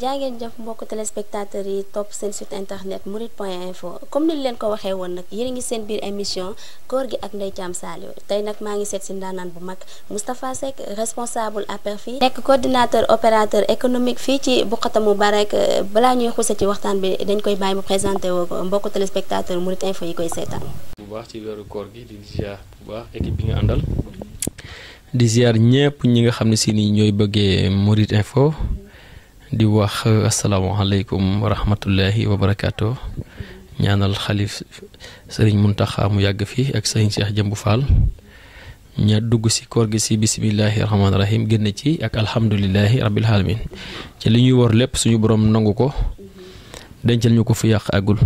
jaa ngeen jëf mbokk téléspectateurs yi topp seen site internet murit point info comme ni leen ko waxee woon nag yéen ngi seen biir émission koor gi ak Ndeye Thiam Saliou tey nag maa ngi seet si ndaanaan bu mag Moustapha Seck responsable APR fii nekk coordinateur opérateur économique fii ci bu Moubarak balaa ñuy xuuse ci waxtaan bi dañ koy bàyyi mu présenté woo ko mbokk téléspectateur murit info yi koy seetaan. bu baax ci weeru koor gi di ziar bu baax équipe bi nga ñi nga xam ne si ni ñooy bëggee murit info. di wax asalaamaaleykum wa rahmatullahi wa barakaatu ñaanal xalif sëriñ Muntaxa mu yàgg fi ak sëriñ Cheikh Jëmb Fall ña dugg ci koor gi ci bisimillahi rahmaani rahim génn ci ak alhamdulilahi rabbil alamin ci li ñuy war lépp suñu boroom nangu ko dencal ñu ko fi yàq àggul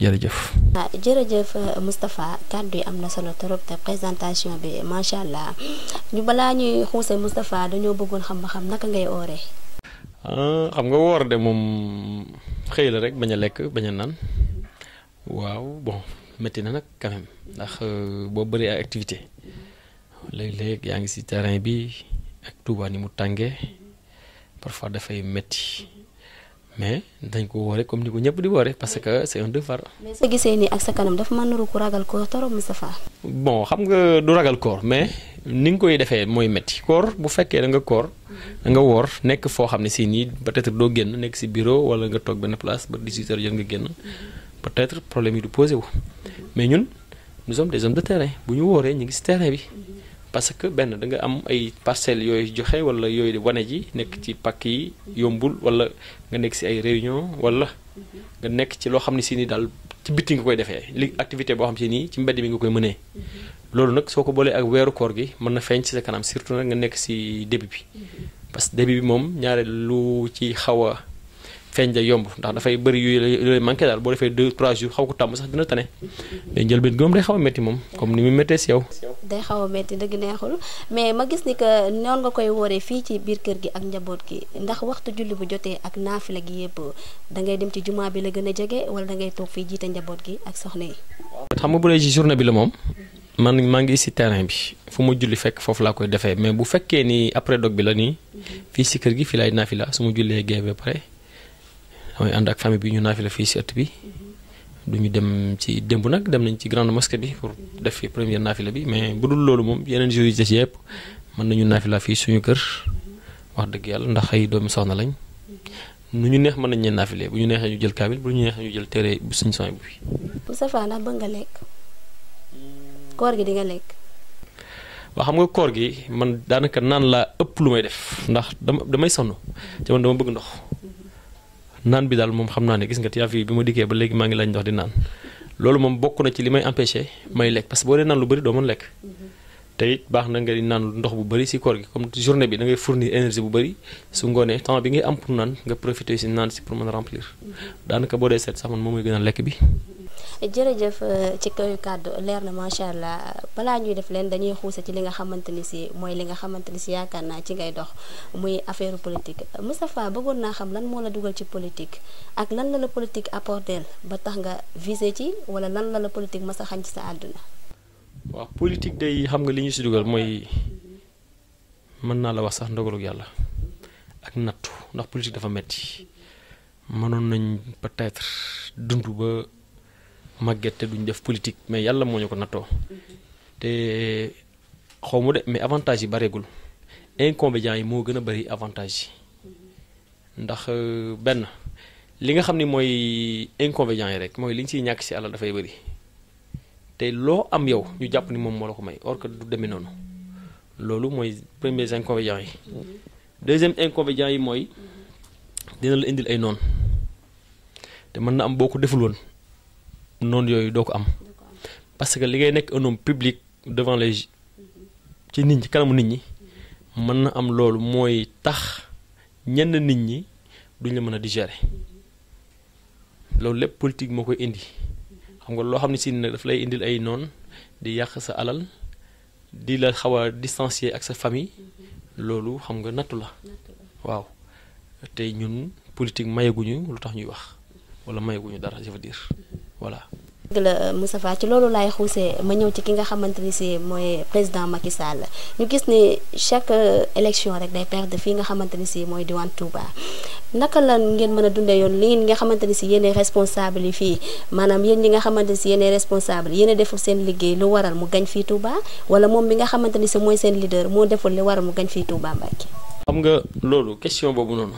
jërëjëf. ah kàddu yi am na solo trop te présentation bi macha allah ñu balaa ñuy xuuse Moustapha dañoo bëggoon xam ba xam naka ngay ooree. Ah, xam nga wor de mom xëy la rek baña lek baña nan a waaw bon metti na nak quand même ndax euh, bo bëri ay activité leg leg yaangi ci si terrain bi ak Touba ni mu tangé parfois fay metti mais dañ ko woré comme ni ko di woré parce que c'est un devoir. mais sa gisé ni ak sa kanam dafa man nuru ragal ko torop Moustapha. bon xam nga du ragal ko mais. ni nga koy defee mooy métti koor bu fekkee da nga koor da mhm. nga woor nekk foo xam ne si nii peut-être doo génn nekk si biro wala nga toog benn place ba 18 heures nga génn mhm. peut-être problème yi du posé wu mhm. mais ñun nous sommes des de terrain bu ñu wooree ñu ngi si terrain bi parce que benn da nga am ay parcelles yooyu joxe wala yooyu wane ji nekk ci pàkk yi yombul wala nga nekk si ay réunion wala nga nekk ci loo xam ne si nii daal ci bitti nga koy defee li activité boo xam si nii ci mbedd mi nga koy mënee loolu nag soo ko boolee ak weeru koor gi mën na feeñ ci sa kanam surtout nag nga nekk si début bi parce que début bi moom ñaare lu ci xaw a feeñ da yomb ndax dafay bëri yu lay manqué daal boo defee deux trois jours xaw ko tàmm sax dina tane day njël benn góom day xaw moom comme ni mu méttee si yow. day xaw a métti dëgg neexul mais ma gis ni nga koy wooree fii ci biir kër gi ak njaboot gi ndax waxtu julli bu jotee ak naafila gi yëpp da ngay dem ci jumaa bi la gën a jege wala dangay ngay toog fii jiite njaboot gi ak soxna yi. xam nga bu dee ci bi la moom man maa ngi si terrain bi fu ma julli fekk foofu laa koy defee mais bu fekkee ni après dog bi la nii mhm. fii si kër gi fii laay nafila su ma jullee géej ba pare damay ànd ak famille bi ñu fii si ëtt bi mhm. du ñu dem ci démb nag dem nañ ci grande mosquée bi pour def fi première naafila bi mais bu dul loolu moom yeneen jours yi des yëpp mën nañu nafila, fii suñu kër wax dëgg yàlla ndax ay doomi soxna lañ nu ñu neex mën nañ bu ñu neexee ñu jël kaabil bu ñu neexee ñu jël téere bu suñu soñ bi. bu safaan ba nga lekk. koor gi waa xam nga koor gi man daanaka naan laa ëpp lu may def ndax dama damay sonn te man dama bëgg ndox mhm. naan bi daal moom xam naa ne gis nga tiyaaf yi bi ma diggee ba léegi maa ngi laaj ndox di naan loolu moom bokk na ci li may empêché may lekk parce que boo dee naan lu bëri doo mën lekk. Mhm. te baax na nga di naan ndox bu bëri si koor gi comme journée bi da ngay fournir bu bëri su ngoonee temps bi ngay am pour naan nga profité si naan si pour mën a remplir mhm. daanaka boo dee seet sax moom mooy gën lekk bi. jërëjëf euh, ci kayu kàddu leer na macha allah balaa ñuy def leen dañuy xuuse ci li nga xamante ni si mooy li nga xamante ni si yaakaar naa ci ngay dox muy affaire politique Moustapha bëggoon naa xam lan moo la dugal ci politique ak lan la la politique apporté ba tax nga visé ci wala lan la la politique ma sa xañ ci sa àdduna. waaw politique day xam nga li ñu si dugal mooy mën naa la wax sax ndogalug yàlla ak nattu ndax politique dafa metti mënoon nañ peut dund màgget te duñ def politique mais yàlla moo ñu ko nattoo te xaw mu de mais avantage yi bareegul inconvénients yi moo gën a bari avantage yi ndax euh, benn li nga xam ni mooy inconvénients yi rek mooy li ñu ciy ñàkk si alal dafay bari te loo am yow ñu jàpp ni moom moo la ko may or que du demee noonu loolu mooy premiers inconvénients yi deuxième inconvénients yi mooy dina la indil ay noon te mën na am boo ko deful woon parce que li qui un public devant les ci nit ñi kanamu nit ñi mën am loolu mooy tax ñenn duñ politique moo indi xam nga di sa alal di la xaw distancier ak sa famille loolu xam nga la waaw politique je veux dire voilà dëgg la Moustapha ci loolu laay xuusee ma ñëw ci ki nga xamante ni si mooy président Macky Sall ñu gis ni chaque euh, élection rek day perdre fii nga xamante ni si mooy diwaan Touba naka la ngeen mën a dundee yoon yene ngeen nga xamante ni si yéenay responsable yi fii maanaam yéen ñi nga xamante ni si yéenay responsable yéen deful seen liggéey lu waral mu gañ fii Touba wala moom bi nga xamante ni si mooy seen leader moo deful li waral mu gañ fii Touba Mbacké. xam nga loolu question boobu noonu.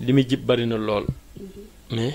li jib bari na lool mhm. mais.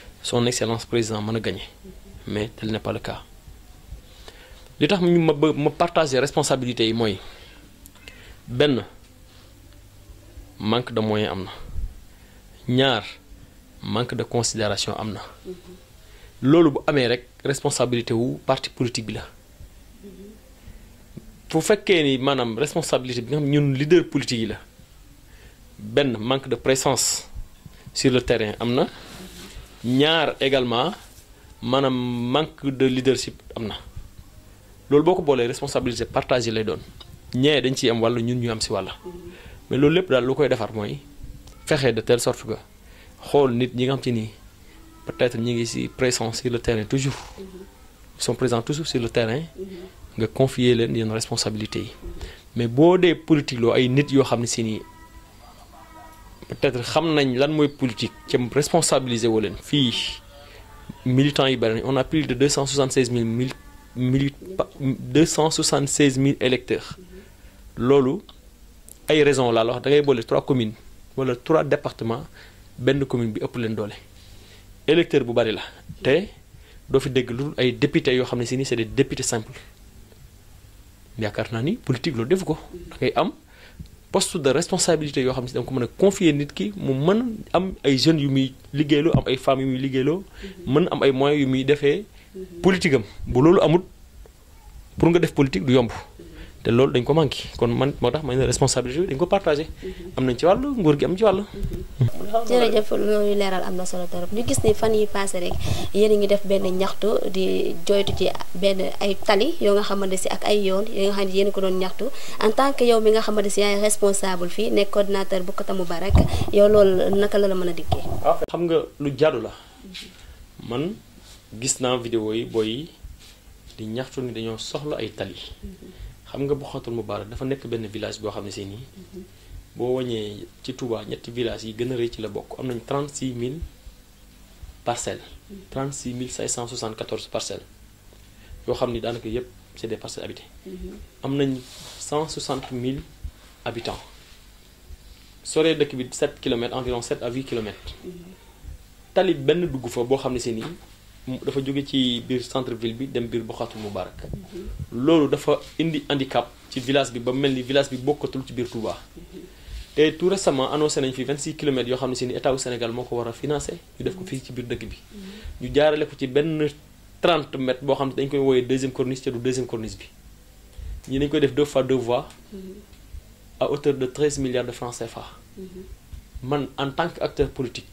son excellence président m'a gagné mais tel n'est pas le cas li tax ñu ma ma partager responsabilité yi manque de moyens amna ñaar manque de considération amna lolu bu responsabilité wu parti politique bi la bu fekkee ni responsabilité bi nga xam ñun leader politique yi manque de présence sur le terrain ñaar également manam manque de leadership am na loolu boo ko boolee responsabilité partagée lay doon ñee dañ ciy am wàll ñun ñu am si wàlla mais loolu lépp daal lu koy defar mooy fexe de telle sorte que xool nit ñi nga xam ci nii peut-être ñi ngi si présent sur le terrain toujours ils sont présents toujours sur le terrain nga confier leen yenn responsabilité yi mais boo dee politique loo ay nit yoo xam ne si nii peut-être xamnañ lan moy politique ci responsabiliser wolen fi fii militants yi bëri on a plus de 276000 cent soixante électeurs loolu ay raison la wax da ngay boole trois communes wala trois départements benn commune bi ëpp leen doole électeur bu bari la té do fi dégg lu ay députés yo xamné ci ni c'est des députés simples yaakaar naa ni politique lo defu ko da ngay am poste de responsabilité yoo xam si da nga ko mën a confier nit ki mu mën am ay jeunes yu muy liggéeyloo am ay femmes yu muy liggéeyloo mhm. mën am ay moyens yu muy defee mhm. politique am bu loolu amul pour nga def politique du yomb te loolu dañ ko manqué kon man moo tax ma ne responsabilité bi ko partagé. Mhm. am nañ ci wàll nguur gi am ci mhm. jërëjëf loolu leeral am na solo torop ñu gis ni fan yi passé rek yéen a ngi def benn ñaxtu di joytu ci benn ay tali yoo nga xamante si ak ay yoon yoo nga xam yéen ko doon ñaxtu en tant que yow mi nga xamante si yaay responsable fii nekk coordinateur bu Katamu Barak yow loolu naka la la mën a dikkee. Ah, xam nga lu jaadu la man gis naa vidéo yi booy di ñaxtu ni dañoo soxla ay tali. Mhm. xam nga Boukhatoul Moubarak dafa nekk benn village boo xam ne si nii mhm. boo wañee ci Touba ñetti village yi gën a rëy ci la bokk am nañ 36000 parcelles 36 mhm. 574 parcelles yoo xam ni daanaka yépp c'est des parcelles habitées mhm. am nañ 160 habitants soree dëkk 17 km, environ 7 à 8 km. tali benn dugg fa boo xam dafa jóge ci le centre ville bi dem handicap ci village bi ba village bi ci Touba. Et tout récemment annoncé fi 26 kilomètres yoo état Sénégal financé def ko ci bi 30 mètres boo dañ koy deuxième corniche du deuxième deux fois à hauteur de 13 milliards de francs CFA man en tant qu'acteur politique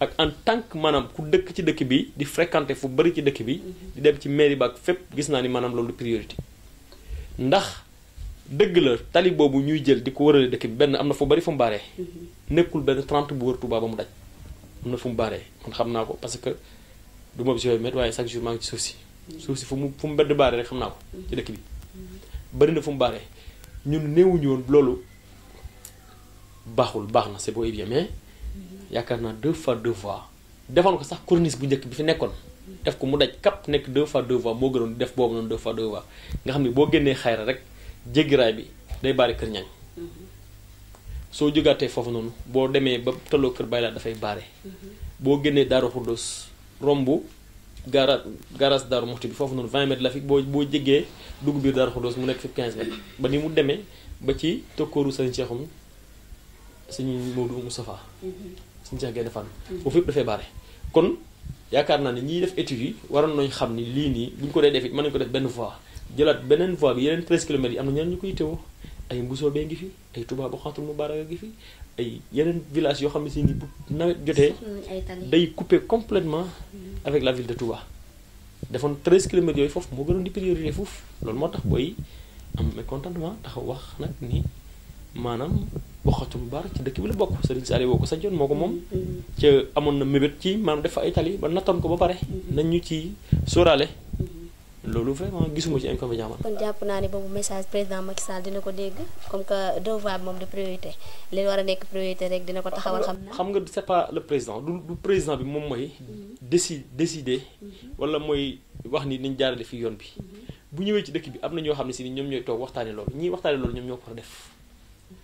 ak en tant que maanaam ku dëkk ci dëkk bi di fréquenter fu bari ci dëkk bi di dem ci mairie ba ak fépp gis naa ni maanaam loolu priorité ndax dëgg la tali boobu ñuy jël di ko wërale dëkk bi benn am na fu bëri fu mu baaree mhm. nekkul benn 30 bu wër Touba mu daj am na fu mu baaree man xam naa ko parce que du ma bis met waaye chaque jour maa ngi ci suuf si mhm. suuf si fu mu fu mu bedd baaree rek xam naa ko mhm. ci dëkk bi bëri na fu mu baaree ñun néewuñu woon loolu baaxul baax na c'est beau et mais yaakaar naa deux fois deux voies defoon ko sax corniche bu njëkk bi fi nekkoon def ko mu daj kap nekk deux fois deux voies moo gënoon def boobu noonu deux fois deux voies nga xam ne boo génnee xayra rek jéggi raay bi day baari kër ñaŋ soo jógaatee foofu noonu boo demee ba tolloo kër bay laa dafay baare boo génnee daaru xuddos romb gara garage daaru moxti bi foofu noonu 20 mètres la fi boo boo jégee dugg biir daaru xuddos mu nekk fi 15 mètres ba ni mu demee ba ci tokkooru sëñ Seexum sëñ nous Moustapha mhm. sëñ Cheikh foofu yëpp dafay kon yaakaar naa ne def études yi ni ko ko def benn voie jëlaat 13 kilomètres yi am ñu koy ay Mbusoo fi ay Touba bu mu fi ay village day complètement mhm. avec la ville de Touba defoon 13 kilomètres yooyu foofu moo gënoon di priorité foofu loolu moo tax wax maanaam waxatum baar ci dëkk bi la bokk Serigne Saliou woo ko sa joon moo ko moom ca amoon na mébét ci maanaam def fa ay tali ba nattoon ko ba pare nañ ñu ci sóoraale loolu vraiment gisuma ci inconvénient man. kon jàpp naa ne boobu message président Macky Sall dina ko dégg comme que devoir moom war a nekk priorité rek dina ko taxawal. xam nga c' est pas bi moom mooy. déci décider. wala mooy wax ni nañ jaarale fi yoon bi. Mm-hmm. bu ñëwee ci dëkk bi am na ñoo xam ne si ni ñoom ñooy toog waxtaanee loolu ñii waxtaanee loolu ñoom ñoo ko def.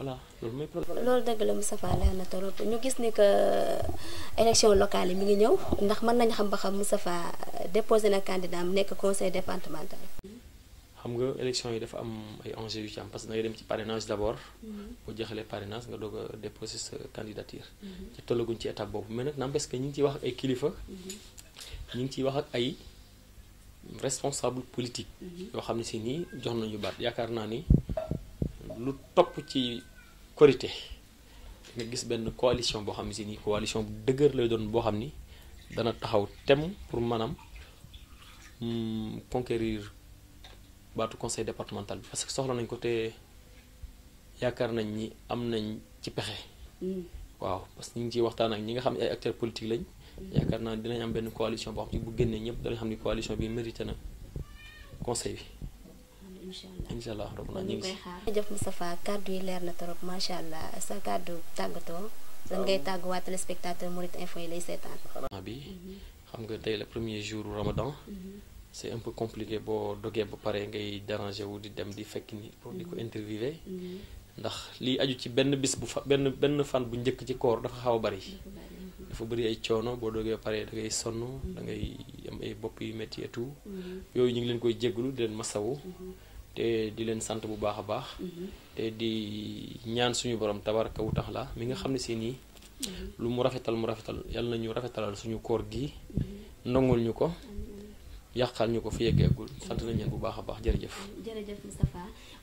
voilà loolu mooy problème. loolu dëgg la Moustapha leer na trop ñu gis ni que euh, locale yi mi ngi ñëw ndax mën nañ xam ba xam Moustapha déposé na candidat mu nekk conseil départemental. xam nga élection yi dafa am ay enjeux yu ci am parce que da ngay dem ci parrainage d' abord. Mhm. boo jeexalee parrainage nga doog a déposé sa candidature. Mhm. te tollaguñ ci étape boobu mais nag n' empêche que ñu ngi ciy wax ak ay kilifa. Mhm. ñu ngi ciy wax ak ay responsable politique. yoo xam ne si nii jox nañu baat yaakaar naa ni korité nga gis benn coalition boo xam ni coalition bu dëgër lay doon boo xam ni dana taxaw tem pour maanaam hmm, conquérir baatu conseil départemental bi parce que soxla nañ ko te yaakaar nañ ni am nañ ci pexe mm. waaw parce que ñu ngi ciy waxtaan ak ñi nga xam ne ay acteurs lañ mm. yaakaar naa dinañ am benn coalition boo xam ne bu génnee ñëpp danañ xam ni coalition bi mérité na conseil bi incha allah rabbul ñu ngi koy xaar jëf Moustapha kàddu yi leer na trop macha allah sa kàddu tàggatoo lan ngay tàgguwaat téléspectateur Mouride Info yi lay seetaan bi xam nga tey la premier jour ramadan mhm. c'est un peu compliqué boo dogee ba pare ngay déranger wu di dem di fekk ni pour di ko mhm. interviewer mhm. ndax lii aju ci benn bis bu fa benn fan bu njëkk ci koor dafa xaw a bari dafa bëri ay coono boo doogee pare da ngay sonn da ngay am ay bopp yu métti tout yooyu ñu ngi leen koy jégalu di leen masawu te di leen sant bu baax a baax. Mhm. te di ñaan suñu borom tabaraka wu tax la mi nga xam ne si nii. Mhm. lu mu rafetal mu rafetal yàlla na ñu rafetalal suñu koor gi. Mhm. ndongul ñu ko. yàqal ñu ko fi yeggeegul sant na leen bu baax a baax jërëjëf.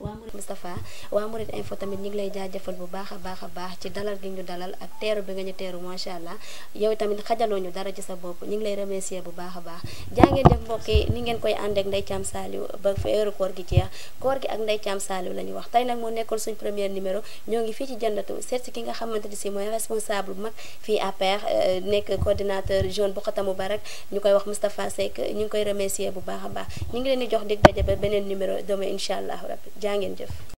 Moustapha waa Mouride Moustapha waa Mouride info tamit ñu ngi lay jaajëfal bu baax a baax a baax ci dalal gi ñu dalal ak teeru bi nga ñu teeru macha allah yow tamit xajaloo ñu dara ci sa bopp ñu ngi lay remercier bu baax a baax jaa ngeen mbokk yi ni ngeen koy ànd ak Ndeye Thiam Saliou ba gi jeex koor gi ak Ndeye Thiam Saliou la ñuy wax tey nag moo nekkoon suñ premier numéro ñoo ngi fii ci jëndatu seet si ki nga xamante ni si mooy responsable bu mag fii APR euh, nekk coordinateur jeune bu Xatamu Barak ñu koy wax Moustapha Seck ñu ngi koy remercier bu baax a baax ñu ngi leen di jox dig daje beneen numéro demain incha allah rab jaa ngeen jëf